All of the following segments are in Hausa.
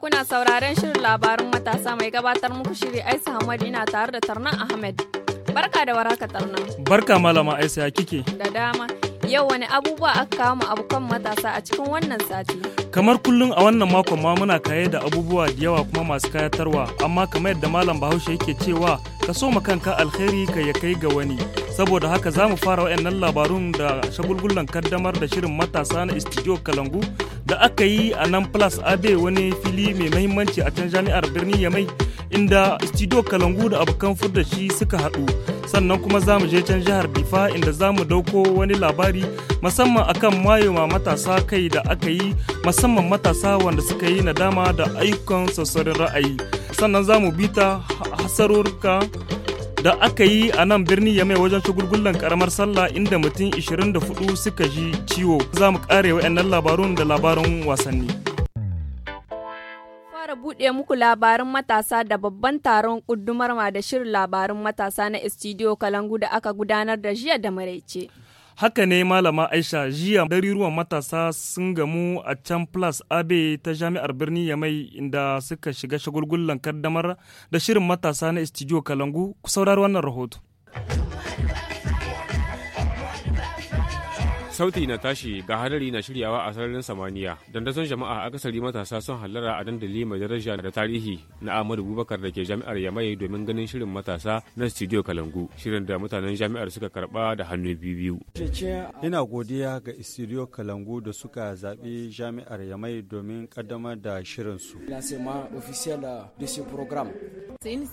kuna sauraron shirin labarin matasa mai gabatar muku shiri Aisha Hamad ina tare da Tarnan Ahmed. Barka da waraka Tarnan. Barka malama Aisha kike. Da dama. Yau wani abubuwa aka kawo mu abokan matasa a cikin wannan sati. Kamar kullum a wannan makon ma muna kaye da abubuwa da yawa kuma masu kayatarwa, amma kamar yadda Malam Bahaushe yake cewa ka so kanka alheri ka ya kai ga wani. Saboda haka za mu fara wa'annan labarun da shagulgulan kaddamar da shirin matasa na Istidiyo Kalangu da aka yi a nan Plus Abe wani fili mai mahimmanci a can jami'ar ya Yamai inda Istidiyo Kalangu da abokan furda shi suka haɗu. sannan kuma za mu je can jihar difa inda za mu dauko wani labari musamman akan mayewa matasa kai da aka yi musamman matasa wanda suka yi nadama da ayyukan sassarin ra'ayi sannan za mu bi ta hasarurka da aka yi a nan birni ya mai wajen shagulgullan karamar sallah inda mutum 24 suka ji ciwo za mu kare wa'annan labarun da labarun wasanni. buɗe muku labarin matasa da babban taron ƙuddumarma da shirin labarin matasa na Studio Kalangu da aka gudanar da jiya da maraice. Haka ne Malama Aisha jiya ɗariruwan matasa sun gamu a can Plus Abe ta Jami'ar Birni Yamai inda suka shiga shagulgullan kaddamar da shirin matasa na Studio Kalangu ku saurari wannan rahoto. Sauti na tashi ga hadari na shiryawa a sararin samaniya. Dandazon jama'a akasari matasa sun hallara a dandali mai daraja da tarihi na Ahmadu Bubakar da ke jami'ar Yamai domin ganin shirin matasa na Studio Kalangu. Shirin da mutanen jami'ar suka karba da hannu biyu. Ina godiya ga Studio Kalangu da suka zaɓi jami'ar Yamai domin kaddamar da shirin su.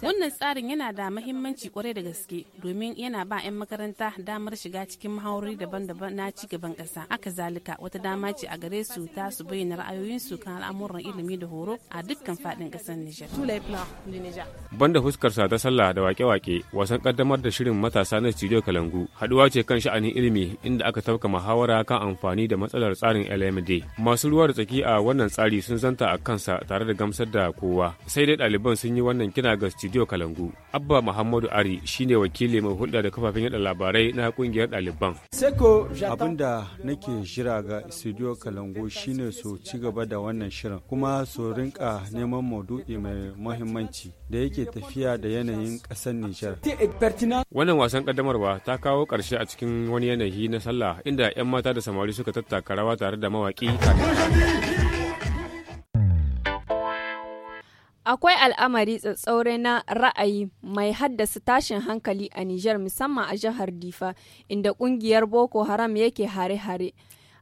Wannan tsarin yana da mahimmanci kwarai da gaske domin yana ba 'yan makaranta damar shiga cikin mahaurori daban-daban na ci shugaban ƙasa aka zalika wata dama ce a gare su ta su bayyana ra'ayoyinsu kan al'amuran ilimi da horo a dukkan faɗin ƙasar Nijar. Banda sa ta sallah da wake-wake wasan kaddamar da shirin matasa na studio Kalangu haɗuwa ce kan sha'anin ilimi inda aka tauka muhawara kan amfani da matsalar tsarin LMD. Masu ruwa da tsaki a wannan tsari sun zanta a kansa tare da gamsar da kowa sai dai ɗaliban sun yi wannan kira ga studio Kalangu. Abba Muhammadu Ari shine wakili mai hulɗa da kafafen yada labarai na kungiyar ɗaliban. Abin da nake jira ga studio kalango shine su ci gaba da wannan shirin kuma su rinka neman maudu'i mai muhimmanci da yake tafiya da yanayin ƙasar nijar wannan wasan kaddamarwa ta kawo ƙarshe a cikin wani yanayi na sallah inda 'yan mata da samari suka tattaka rawa tare da mawaƙi Akwai al'amari tsatsaure na ra'ayi mai haddasa tashin hankali a Nijar musamman a jihar Difa inda kungiyar Boko Haram yake hare-hare.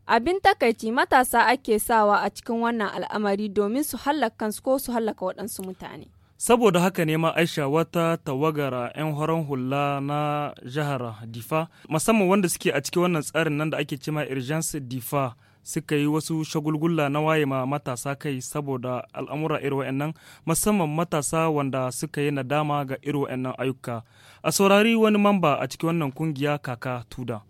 Abin takaici matasa ake sawa a cikin wannan al'amari domin su hallaka kansu ko su hallaka waɗansu mutane. saboda haka ne ma aisha wata tawagara 'yan horon hula na jihar difa musamman wanda suke a cikin wannan tsarin nan da ake cema urgence difa suka yi wasu shagulgula na waye ma matasa kai saboda al'amura irin wa'annan musamman matasa wanda suka yi nadama ga irin wa'annan ayyuka a saurari wani mamba a cikin wannan kungiya kaka tuda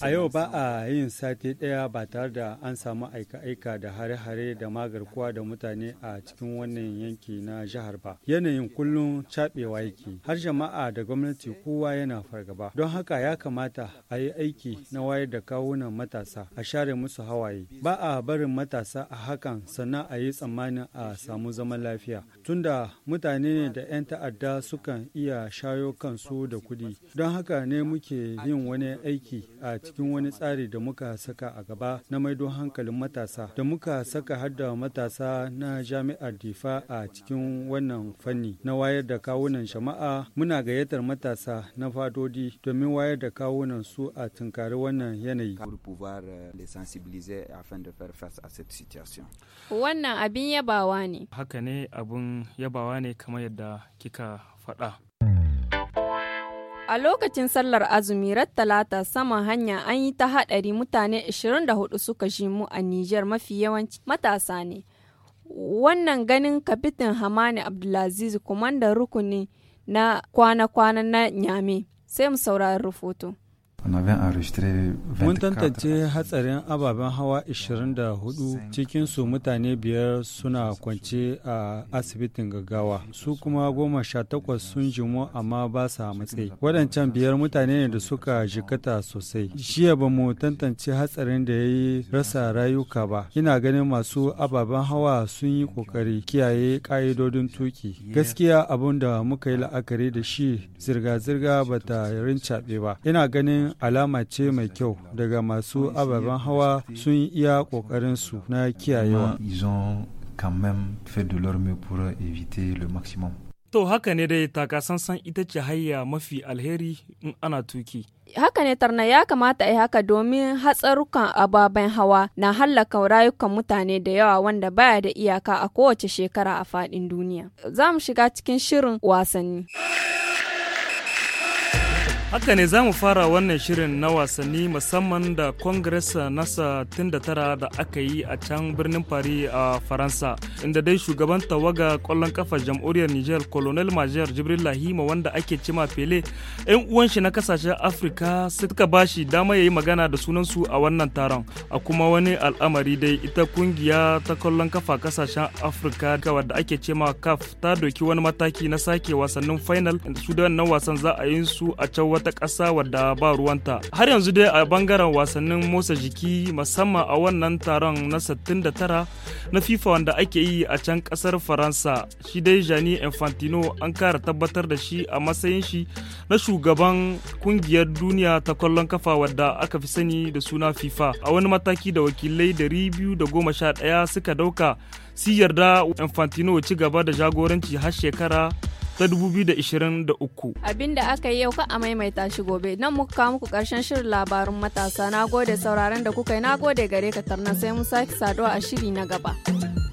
A yau ba a yin sati ɗaya ba tare da an samu aika-aika da hare-hare da magarkuwa da mutane a cikin wannan yanki na jihar ba. Yanayin kullum cabewa yake, har jama'a da gwamnati kowa yana fargaba. Don haka ya kamata a yi aiki na wayar da kawunan matasa, a share musu hawaye. Ba a barin matasa a hakan sannan a yi tsammanin a samu zaman lafiya. Tunda mutane ne da 'yan ta'adda sukan iya shayo kansu da kuɗi. Don haka ne muke muke yin wani aiki a cikin wani tsari da muka saka a gaba na maido hankalin matasa da muka saka hada matasa na jami'ar difa a cikin wannan fanni na wayar da kawunan shama'a muna gayyatar matasa na fadodi domin wayar da kawunan su a tunkari wannan yanayi euh, wannan abin yabawa ne haka ne abin yabawa ne kamar yadda kika faɗa A lokacin sallar azumi rat talata saman hanya an yi ta haɗari mutane 24 suka shimu a Nijar mafi yawanci matasa ne. Wannan ganin kabitin Hamani Abdulaziz da rukuni na kwana-kwana na Nyame sai mu saurari rufoto. Mun tantance hatsarin ababen hawa 24 cikinsu mutane biyar suna kwance a asibitin gaggawa su kuma goma sha takwas sun jimo amma ba sa matsayi. wadancan biyar mutane ne da suka jikata sosai. Jiya ba mu tantance hatsarin da ya yi rasa rayuka ba. Ina ganin masu ababen hawa sun yi kokari kiyaye ƙa'idodin tuki. Gaskiya abin da muka yi la'akari da shi zirga-zirga ba ta rincaɓe ba. Ina ganin alama ce mai kyau daga masu ababen hawa sun iya ƙoƙarinsu na kiyayewa. To haka ne dai takasansan ita ce hayya mafi alheri in ana tuki. Haka ne tarna ya kamata a yi haka domin hatsarukan ababen hawa na hallaka rayukan mutane da yawa wanda baya da iyaka a kowace shekara a faɗin duniya. Za mu shiga cikin shirin wasanni. Haka ne za mu fara wannan shirin na wasanni musamman da Congress nasa tun da tara da aka yi a can birnin Paris a Faransa, inda dai shugaban tawaga kwallon kafa jamhuriyar Niger Colonel Major Jibril Lahima wanda ake cima Pele, 'yan uwan shi na kasashen Afirka suka ba shi dama ya yi magana da sunansu a wannan taron. A kuma wani al'amari dai ita kungiya ta kwallon kafa kasashen Afirka wadda ake cema CAF ta doki wani mataki na sake wasannin final su da wannan wasan za a yi su a can wata ta ƙasa wadda ba ruwanta har yanzu dai a bangaren wasannin motsa jiki musamman a wannan taron na 69 na fifa wanda ake yi a can ƙasar faransa shi dai jani infantino an kara tabbatar da shi a matsayin shi na shugaban kungiyar duniya ta kwallon kafa wadda aka fi sani da suna fifa a wani mataki da wakilai da goma sha ɗaya suka dauka si yarda infantino ci gaba da jagoranci har shekara ta 2023. Abin da aka yi yau ka a maimaita shi gobe. Nan muka kawo muku ƙarshen shirin labarun matasa. Na gode sauraron da kuka yi, na gode gare ka tarna sai mu sake saduwa a shiri na gaba.